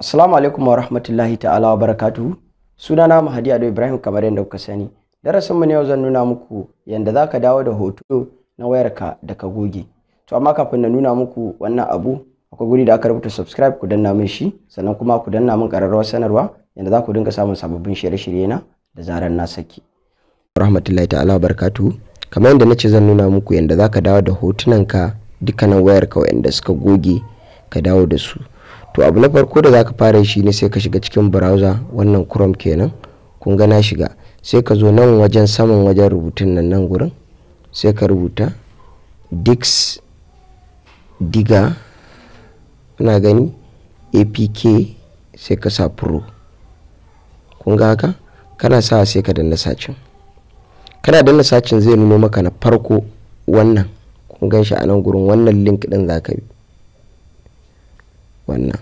Assalamu alaikum wa rahmatullahi ta'ala wa barakatuhu. Sunana Mahadi Ado Ibrahim kamar yadda kuka sani. Darasin mu yau zan nuna muku yanda zaka dawo da hoto na wayarka da ka goge. To amma kafin na nuna muku wannan abu akwai guri da aka rubuta subscribe ku danna min shi sannan kuma ku danna min ƙararrawar sanarwa yadda za ku dinga samun sababbin shirye-shirye na da zarar na saki. Rahmatullahi ta'ala wa barakatu. Kamar yadda na ce zan nuna muku yanda zaka dawo da hotunanka dukkanin wayarka wayanda suka goge ka dawo da su. to abu na farko da zaka fara shi ne sai ka shiga cikin browser wannan chrome kenan kun ga na shiga sai ka zo nan wajen saman wajen rubutun nan nan gurin sai ka rubuta dix diga kuna gani apk sai ka sa pro kun ga haka kana sa sai ka danna sacin kana danna sacin zai nuno maka na farko wannan kun gan a nan gurin wannan link din zaka bi wannan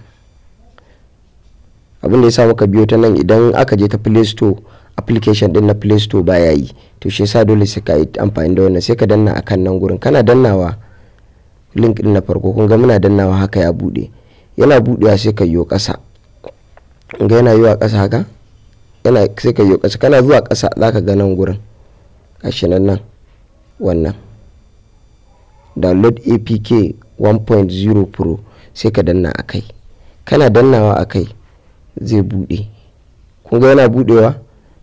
abin da ya sa muka biyo ta nan idan aka je ta play store application din na play store baya yi to shi yasa dole sai ka yi amfani da wannan sai ka danna akan nan gurin kana dannawa link din na farko kun ga muna dannawa haka ya bude yana budewa sai ka yo kasa ga yana yiwa kasa haka yana sai ka yi kasa kana zuwa kasa zaka ga nan gurin gashi nan nan wannan download apk 1.0 pro sai ka danna a kai kana dannawa a kai zai buɗe kun ga yana buɗewa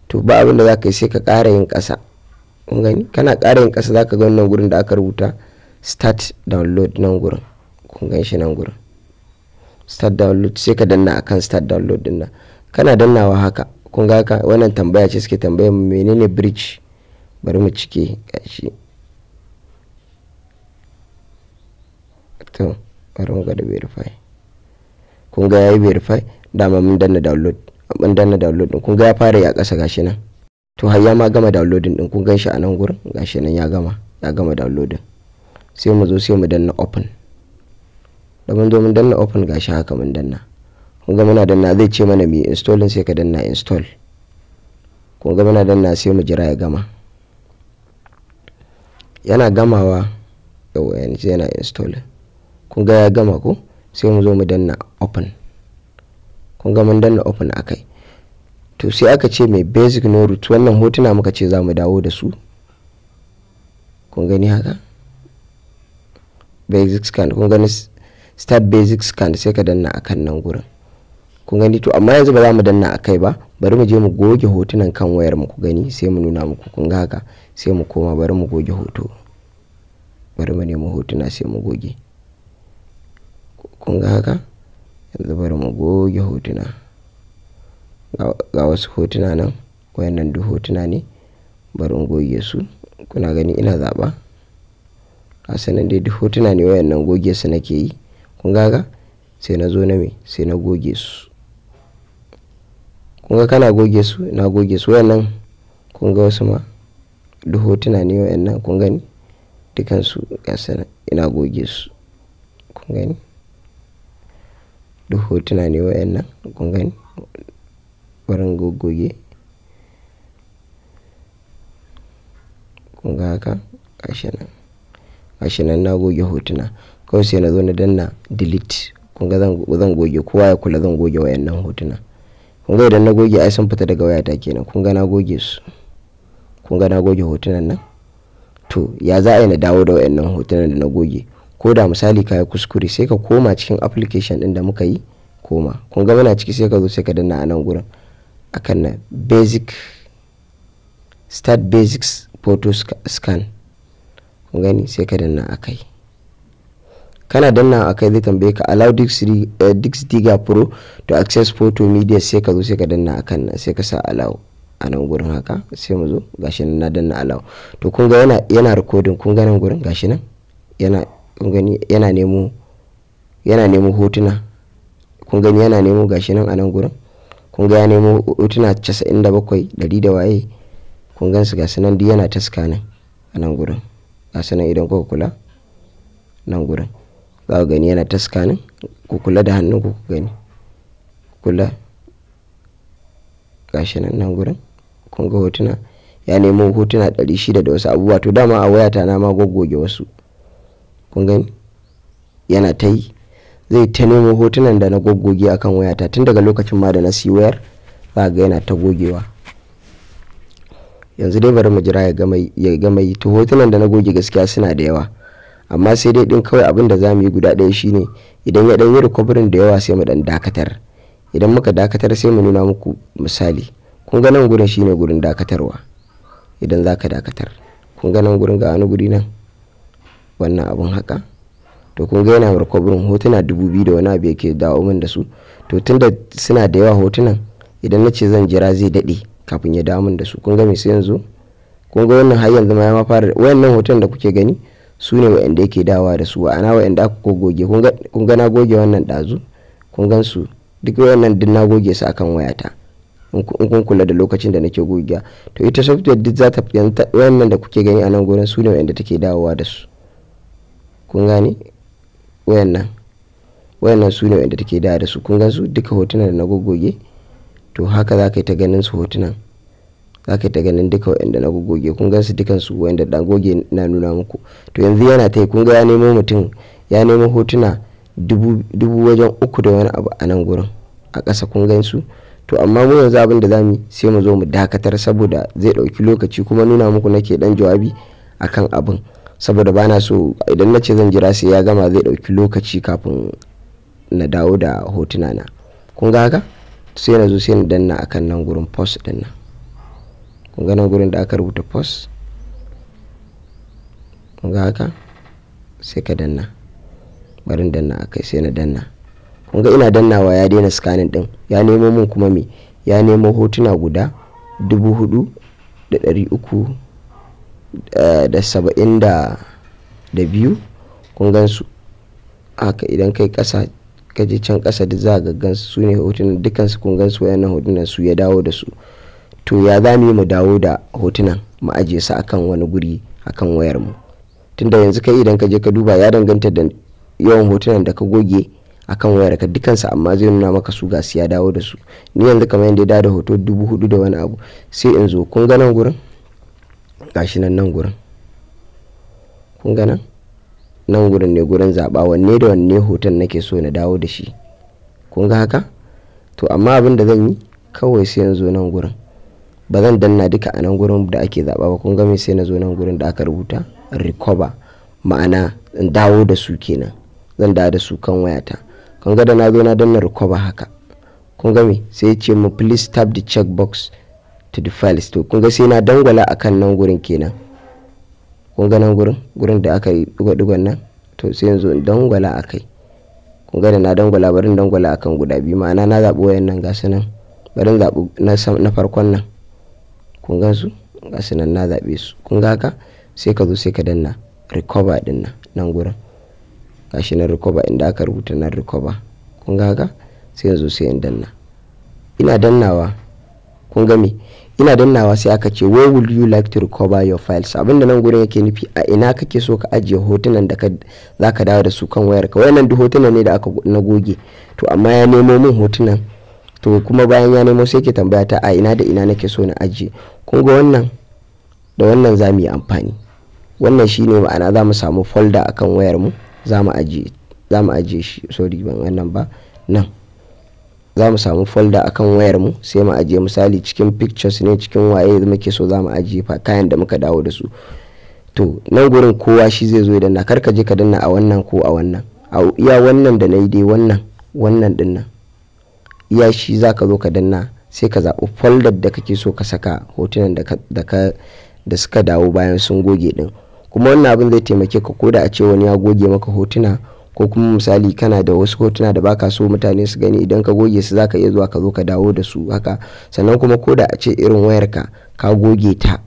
to ba abin da za ka yi sai ka ƙara yin ƙasa kun gani kana ƙara yin ƙasa za ka ga wannan gurin da aka rubuta start download nan gurin kun gan shi nan gurin start download sai ka danna akan start download din nan kana dannawa haka kun ga haka wannan tambaya ce suke tambaya menene bridge bari mu cike gashi to bari mu ga da verify kun ga yayi verify dama mun danna download mun danna download din kun ga ya fara ya kasa gashi nan to har ya ma gama downloading din kun gan shi a nan gurin gashi nan ya gama ya gama downloading sai mu zo sai mu danna open da mun zo mun danna open gashi haka mun danna kun ga muna danna zai ce mana mu installing sai ka danna install kun ga muna danna sai mu jira ya gama yana gamawa yau yanzu yana installing kun ga ya gama ko sai mu zo mu danna open kun ga mun danna open akai to sai aka ce mai basic no root wannan hotuna muka ce za mu dawo da su kun gani haka basic scan kun gani start basic scan sai ka danna akan nan gurin kun gani to amma yanzu ba za mu danna akai ba bari mu je mu goge hotunan kan wayar mu ku gani sai mu nuna muku kun ga haka sai mu koma bari mu goge hoto bari mu nemo hotuna sai mu goge kun ga haka yanzu bari mu goge hotuna ga wasu hotuna nan wayannan duk hotuna ne bari mu goge su kuna gani ina zaɓa a sanin dai duk hotuna ne wayannan goge su nake yi kun ga haka sai na zo na me sai na goge su kun ga kana goge su na goge su wayannan kun ga wasu ma duk hotuna ne wayannan kun gani dukansu ga sanin ina goge su kun gani duk hotuna ne wayannan kun gani wurin goggoge kun ga haka gashi nan gashi nan na goge hotuna kawai sai na zo na danna delete kun ga zan goge kowa ya kula zan goge nan hotuna kun ga idan na goge ai sun fita daga wayata kenan kun ga na goge su kun ga na goge hotunan nan to ya za a yi na dawo da nan hotunan da na goge ko da misali ka yi kuskure sai ka koma cikin application din da muka yi koma kun ga muna ciki sai ka zo sai ka danna a nan gurin akan na basic start basics photo scan kun gani sai ka danna a kai kana danna a kai zai tambaye ka allow dix eh, diga pro to access photo media sai ka zo sai ka danna akan na sai ka sa allow a nan gurin haka sai mu zo gashi nan na danna allow to kun ga yana yana recording kun ga nan gurin gashi nan yana gani yana nemo yana nemo hotuna kun gani yana nemo gashi nan a nan gurin kun ga ya nemo hotuna 97 100 da waye kun gan su gasu nan duk yana ta nan a nan gurin gasu nan idan kuka kula nan gurin za ku gani yana ta nan ku kula da hannun ku gani kula gashi nan nan gurin kun ga hotuna ya nemo hotuna 600 da wasu abubuwa to dama a wayata na ma goggoge wasu kun gani yana ta yi zai ta nemo hotunan da na goggoge kan wayata tun daga lokacin ma da na si wayar za ga yana ta gogewa yanzu dai bari mu jira ya gama yi ta hotunan da na goge gaskiya suna da yawa amma sai dai din kawai abin da za mu yi guda ɗaya shine idan ya ɗan yi da yawa sai mu ɗan dakatar idan muka dakatar sai mu nuna muku misali kun ga nan gurin shine gurin dakatarwa idan za ka dakatar kun ga gurin ga wani guri nan wannan abun haka to kun ga yana recovering hotuna dubu biyu da wani abu yake dawo min da su to tun da suna da yawa hotunan idan na ce zan jira zai daɗe kafin ya dawo min da su kun ga sai yanzu kun ga wannan har yanzu ma ya fara wayannan hotunan da kuke gani su ne wa'anda yake dawa da su wa'ana wa'anda aka ko goge kun ga na goge wannan ɗazu kun gan su duk wayannan duk na goge su akan wayata in kun kula da lokacin da nake gogiya to ita software duk za ta yanzu wannan da kuke gani a nan gurin su ne wa'anda take dawowa da su kun gane wayannan nan su ne wanda take da da su kun su duka hotunan da na goggoge to haka za ka yi ta ganin su hotunan za ka yi ta ganin duka da na goggoge kun gan su dukan su da dan goge na nuna muku to yanzu yana ta kun ga ya nemo mutum ya nemo hotuna dubu wajen uku da wani abu a nan gurin a ƙasa kun gan su to amma mu yanzu abin da zamu sai mu zo mu dakatar saboda zai ɗauki lokaci kuma nuna muku nake dan jawabi akan abin saboda bana so idan na ce zan jira sai ya gama zai ɗauki lokaci kafin na dawo da hotuna na kun ga haka sai na zo sai na danna kan nan gurin post din nan kun ga nan gurin da aka rubuta post kun ga haka sai ka danna barin danna a kai sai na danna kun ga ina dannawa ya daina scanning din ya nemo min kuma me ya nemo hotuna guda dubu hudu da dari uku Eh, da saba'in da biyu kun gansu haka idan kai kasa ka can kasa da za ga gansu su ne hotunan dukansu kun gansu wayannan hotunan su ya dawo da su to ya za mu dawo da hotunan mu ajiye su akan wani guri akan wayar mu tunda yanzu kai idan kaje ka duba ya danganta da yawan hotunan da ka goge akan wayar ka dukansu amma zai nuna maka su ga su ya dawo da su ni yanzu kamar yadda ya dawo da hoto dubu hudu da wani abu sai in zo kun ga nan gurin gashi nan nan gurin kun ga nan nan gurin ne gurin zaɓa wanne da wanne hoton nake so na dawo da shi kun ga haka to amma abin da zan yi kawai sai yanzu nan gurin ba zan danna duka a nan gurin da ake zaɓa ba kun ga me sai na zo nan gurin da aka rubuta recover ma'ana in dawo da su kenan zan dawo da su kan wayata kun ga da na zo na danna recover haka kun ga me sai ce mu please tap the checkbox to the files to kunga ga sai na dangwala akan nan gurin kenan kunga nan gurin gurin da aka yi digo-digon nan to sai yanzu in dangwala a kai kunga da na dangwala bari in dangwala akan guda biyu ma'ana na zaɓi wayannan gasu nan bari in zaɓi na farkon nan kunga su gasu nan na zaɓe su kunga ga haka sai ka zo sai ka danna recover din nan nan gurin gashi na recover inda aka rubuta na recover kunga ga haka sai yanzu sai in danna ina dannawa kun ga me ina dannawa sai aka ce where would you like to recover your files abinda nan gurin yake nufi a ina kake so ka ajiye hotunan da za ka dawo da su kan wayar ka wayannan duk hotunan ne da aka na goge to amma ya nemo min hotunan to kuma bayan ya nemo sai ke tambaya ta a ina da ina nake so na ajiye kun ga wannan da wannan za mu yi amfani wannan shine ma'ana za mu samu folder akan wayar mu za mu ajiye za mu ajiye shi sorry ban wannan ba nan za mu samu folda a kan wayarmu sai mu ajiye misali cikin pictures ne cikin waye muke so za mu ajiye kayan da muka dawo da su to nan gurin kowa shi zai zo idan na ka je ka danna a wannan ko a wannan a iya wannan da na yi dai wannan wannan din nan iya shi za ka zo ka danna sai ka zaɓi folder da kake so ka saka hotunan da ka da suka dawo bayan sun goge din kuma wannan abin zai taimake ka koda a ce wani ya goge maka hotuna ko kuma misali kana da wasu hotuna da baka so mutane su gani idan ka goge su zaka iya zuwa ka zo ka dawo da su haka sannan kuma ko da a ce irin wayarka ka goge ta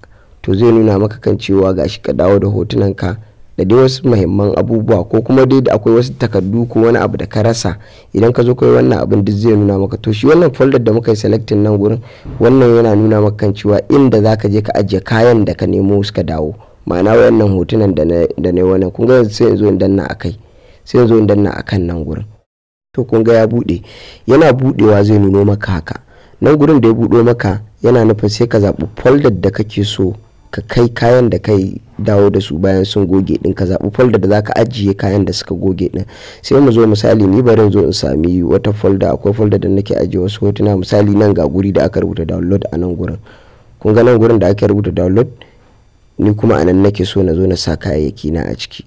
to zai nuna maka kan cewa gashi ka dawo da hotunanka da dai wasu muhimman abubuwa ko kuma dai da akwai wasu takardu ko wani abu da ka rasa idan ka zo kai wannan abin duk zai nuna maka to shi wannan folder da muka yi selecting nan gurin wannan yana nuna maka kan cewa inda zaka je ka ajiye kayan da ka nemo suka dawo ma'ana wayannan hotunan da na wannan kun ga sai yanzu zo in danna a kai. sai zo in danna akan nan gurin to kun ga ya bude yana budewa zai nuno maka haka nan gurin da ya budo maka yana nufin sai ka zaɓi folder da kake so ka kai kayan da kai dawo da su bayan sun goge din ka zaɓi folder da zaka ajiye kayan da suka goge din sai mu zo misali ni bari zo in sami wata folder akwai folder da nake ajiye wasu hotuna misali nan ga guri da aka rubuta download a nan gurin kun ga nan gurin da aka rubuta download ni kuma a nan nake so na zo na sa kayayyaki na a ciki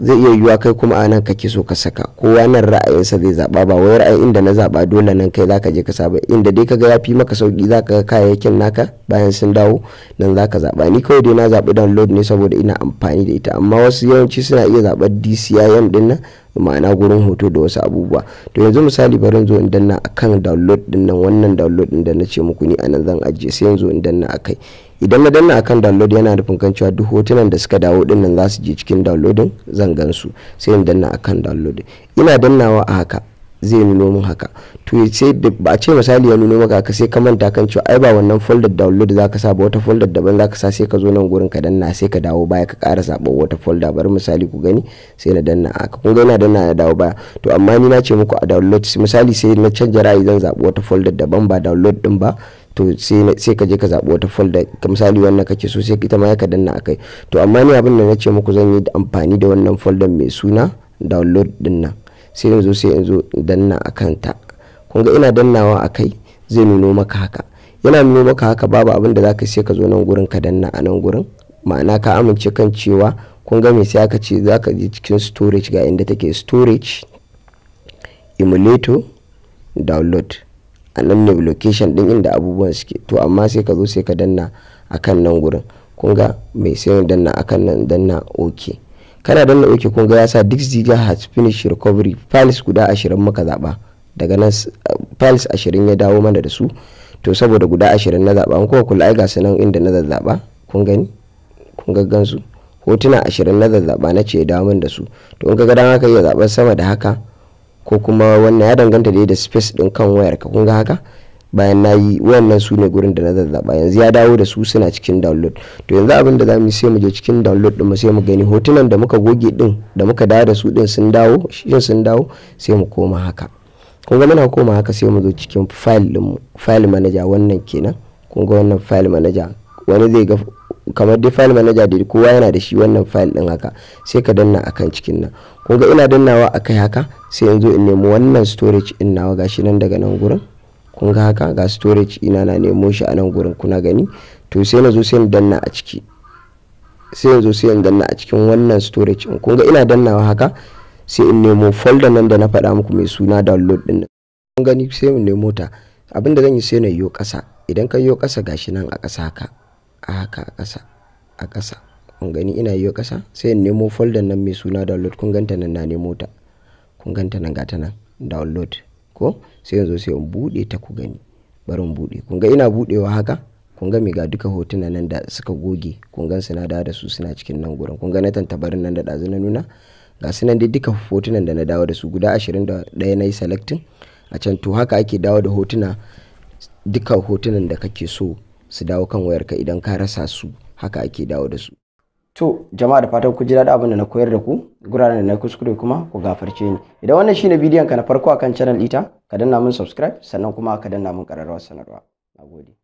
zai iya yiwuwa kai kuma a nan kake so ka saka kowa nan ra'ayinsa zai zaɓa ba wai ra'ayi inda na zaɓa dole nan kai zaka je ka saba inda dai kaga yafi maka sauki zaka ga kayayyakin naka bayan sun dawo nan zaka zaɓa ni kawai dai na zaɓi download ne saboda ina amfani da ita amma wasu yawanci suna iya zabar DCIM din nan ma'ana gurin hoto da wasu abubuwa to yanzu misali bari zo in danna akan download din nan wannan download din da na ce muku ni anan zan ajiye sai yanzu in danna akai idan na danna akan download yana nufin kan cewa duk hotunan da suka dawo dinnan za su je cikin downloading zan gansu sai in danna akan download ina dannawa a haka zai nuno min haka to sai ba a ce misali ya nuno maka ka sai ka manta kan cewa ai ba wannan folder download za ka sa ba wata folder daban za ka sa sai ka zo nan gurin ka danna sai ka dawo baya ka ƙara zaɓa wata folder bari misali ku gani sai na danna haka kun ga ina danna na dawo baya to amma ni na ce muku a download misali sai na canja ra'ayi zan zaɓi wata folder daban ba download din ba to sai ka je ka zaɓi wata folda ka misali wannan kake so sai ita ma ya ka danna a kai to amma ni abin da na ce muku zan yi amfani da wannan folda mai suna download din nan sai yanzu sai yanzu danna a kanta kun ga ina dannawa kai zai nuno maka haka yana nuno maka haka babu abin da zaka sai ka zo nan gurin ka danna a nan gurin ma'ana ka amince kan cewa kun ga me sai aka ce zaka je cikin storage ga inda take storage emulator download a nan ne location din inda abubuwan suke to amma sai ka zo sai ka danna akan nan gurin kun ga mai sai danna akan nan danna ok kana danna ok kun ga ya sa dix has finish recovery files guda ashirin muka zaba daga nan files ashirin ya dawo mana da su to saboda guda ashirin na zaba kuma kula ai ga nan inda na zazzaba kun gani kun ga gansu hotuna ashirin na zazzaba na ce ya dawo mana da su to in ka ga dan ka iya zaɓar sama da haka ko kuma wannan ya danganta da da space din kan wayar ka kun ga haka bayan na yi wayannan su ne gurin da na zazzaba yanzu ya dawo da su suna cikin download to yanzu abin da zamu mu sai mu je cikin download din mu sai mu gani hotunan da muka goge din da muka dawo da su din sun dawo shin sun dawo sai mu koma haka kun ga muna koma haka sai mu zo cikin file din mu file manager wannan kenan kun ga wannan file manager wani zai ga kamar dai file manager da kowa yana da shi wannan file din haka sai ka danna akan cikin nan kun ga ina dannawa akai haka sai in in nemo wannan storage din nawa gashi nan daga nan gurin kun ga haka ga storage ina na nemo shi a nan gurin kuna gani to sai na zo sai in danna a ciki sai yanzu sai in danna a cikin wannan storage din kun ga ina dannawa haka sai in nemo folder nan da na faɗa muku mai suna download din kun gani sai in nemo ta abinda zan yi sai na yo ƙasa idan ka yo ƙasa gashi nan a ƙasa haka a haka a ƙasa a ƙasa kun gani ina yiwa ƙasa sai in nemo folder nan mai suna download kun ganta nan na nemo ta kun ganta nan gata nan download ko sai yanzu sai in buɗe ta ku gani barin buɗe kun ga ina buɗewa haka kun ga ga duka hotuna nan da suka goge kun gan suna da da su suna cikin nan gurin kun ga na tantabarin nan da ɗazu na nuna ga su nan dai duka hotunan da na dawo da su guda 21 na yi selecting a can to haka ake dawo da hotuna duka hotunan da kake so su dawo kan wayarka idan ka rasa su haka ake dawo da su to jama'a da fatan ku ji daɗi abin da na koyar da ku guraren da na kuskure kuma ku gafarce ni idan wannan shine bidiyon ka na farko akan channel ita ka danna mun subscribe sannan kuma ka danna mun ƙararrawar sanarwa nagode